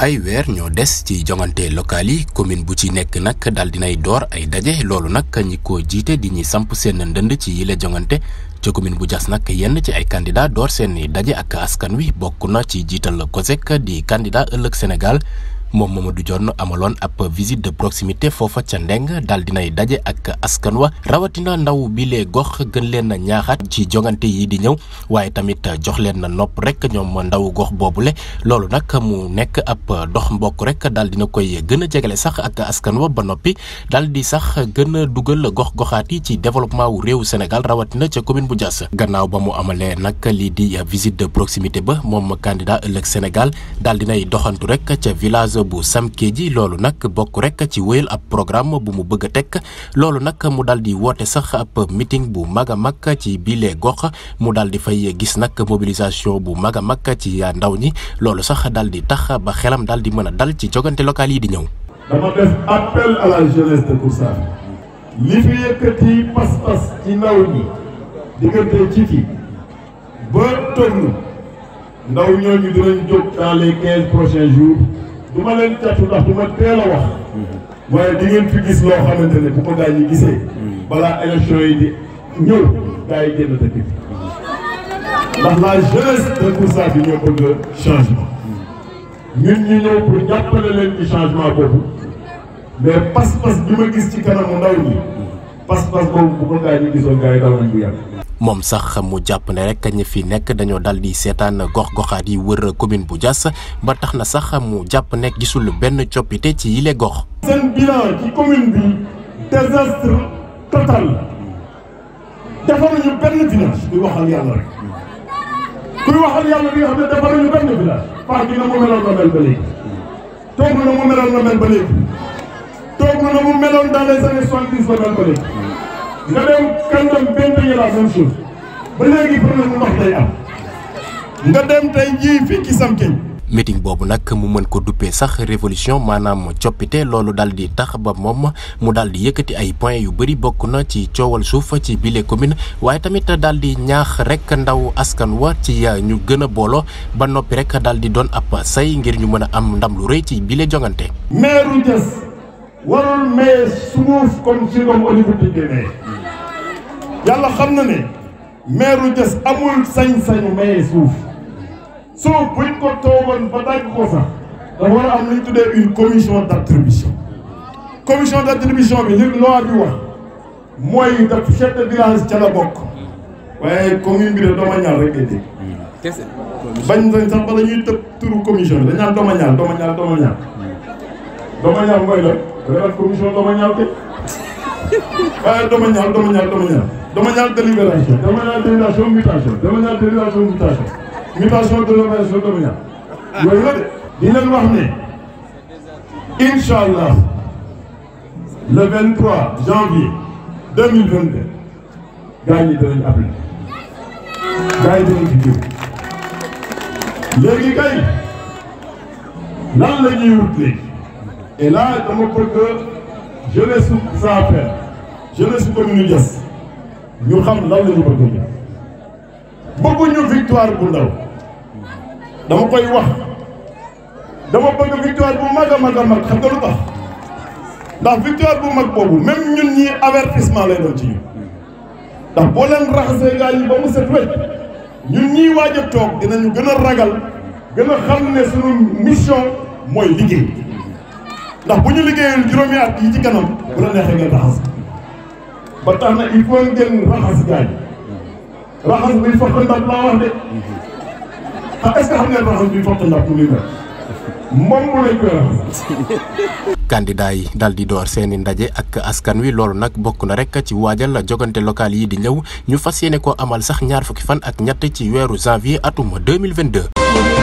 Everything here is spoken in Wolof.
ay weer ñoo des ci jongante local yi commune bu ci nekk nag daal dinay door ay daje loolu nag ñi ko jiite di ñuy samp seen ndënd ci yile jongante ca commune bu Diass nag yenn ci ay candidat door seen daje ak askan wi bokk na ci jiital la COSEC di candidat ëllëg Sénégal du Mamadou Dione amalon ap visite de proximité Fofa ca Ndeng dal dinaay dajé ak askan wa rawatina ndaw bi lé gox gën leen a ci jongante yi di ñew waye tamit jox nop rek ñom ndaw gox boobule lolu nak mu nekk ap dox mbokk rek koye dina koy gëna a sax ak askan wa ba nopi daal di sax gëna duggal gox ci développement wu réew Sénégal rawatina ca commune bu gannaaw ba mu amalé di visite de proximité ba mon candidat ëlëk Sénégal dal dohanturek doxantu rek village bu Samkéji loolu nak bokk rek ci wëyel ab programme bu mu bëgg tek tekk nak mu daldi di sax ab meeting bu maga mak ci bilé gox mu daldi fay gis nak mobilisation bu maga mak ci ya ndaw ñi loolu sax daldi di tax ba xélam daldi di dal ci jogante local yi di ñëw. dama def appel à la jeunesse de Kursar li fi yëkëti pas-pas ci ndaw ñi digënté ci fi ba tëgg ndaw ñu dinañ jóg dans les 15 prochains jours du ma leen catu ndax du ma wax waaye di ngeen fi gis loo xamante ne bu ko gaa yi gisee balaa élection yi di ñëw gaa yi génn dëkk bi ndax la jeunesse de Koussa bi ñoo bëgg changement ñun ñu ñëw pour jàppale leen ci changement boobu mais pas-pas bi gis ci kanamu ndaw ñi pas-pas boobu bu ko gaa yi gisoon gaa yi dal bu yàgg moom sax mu jàpp ne rek ñi fi nekk dañoo dal di seetaan gox-goxaat yi wër commune bu Diass ba tax na sax mu jàpp nekk gisul benn coppite ci yile gox. seen bilan ci commune bi désastre total defaruñu benn village di waxal yàlla rek kuy waxal yàlla bi nga xam ne defaruñu benn na mu meloon na mel ba léegi ba léegi ba léegi. nga kandam benn yi la même chose ba léegi problème ndox day am nga dem Samkeñ meeting bobu nak mu meun ko duppé sax révolution manam coppite lolu daldi di tax ba mom mu daldi di ay points yu bëri bokku na ci ciowal suuf ci bilé commune waye tamit daldi di ñaax rek ndaw askan wa ci ñu gëna bolo ba nopi rek daldi di app say ngir ñu mëna am ndam lu rëy ci bilé jonganté maire Diass warul maye suuf comme ci comme Olivier Deme. yàlla xam na ne meeru Diass amul sañ-sañu mayee suuf suuf buñ ko toogoon ba dagg ko sax dafa war a am lu ñu tuddee une commission d'attribution commission d'attribution bi li loi bi wax mooy daf chef de village ca la bokk waaye commune bi de domañal rek ay dégg bañ nañ sax ba la ñuy tëb turu commission bi dañ naan domañal domañal domañal domañal mooy la dafa commission domañal te waaye ah, domañal domañal domañal dama ñaan délibération dama ñaan délibération mutation dama ñaan délibération mutation mutation délibération dama ñaan yooyu la de di leen wax ne incha allah le 23 janvier 2022 gars yi danañ appliqué gars yi danañ ci jiw léegi kay lan la ñuy wut léegi et là dama bëgg jeunesse su Saafara jeunesse su commune ñu xam lan na ñu bëgg bëgguñu victoire bu ndaw dama koy wax dama bëgg victoire bu mag a mag a mag xam nga lu ndax victoire bu mag boobu même ñun ñi avertissement lay doon ci ñun ndax boo leen raxasee gaa ba mu set wecc ñun ñii waaj toog dinañu gën a ragal gën a xam ne suñu mission mooy liggéey ndax bu ñu liggéeyul juróomi at yi ci kanam bu la neexee ngeen raxas ba tax na il faut ngeen raxas gaañ raxas buy fokk ndab laa wax de ah est-ce xam ngeen raxas buy fokk ndab mu moom mu lañ koy raxas yi daal di door seeni ndaje ak askan wi loolu nag bokk na rek ci waajal la jogante local yi di ñëw ñu fas yéene ko amal sax ñaar fukki fan ak ñett ci weeru janvier atum 2022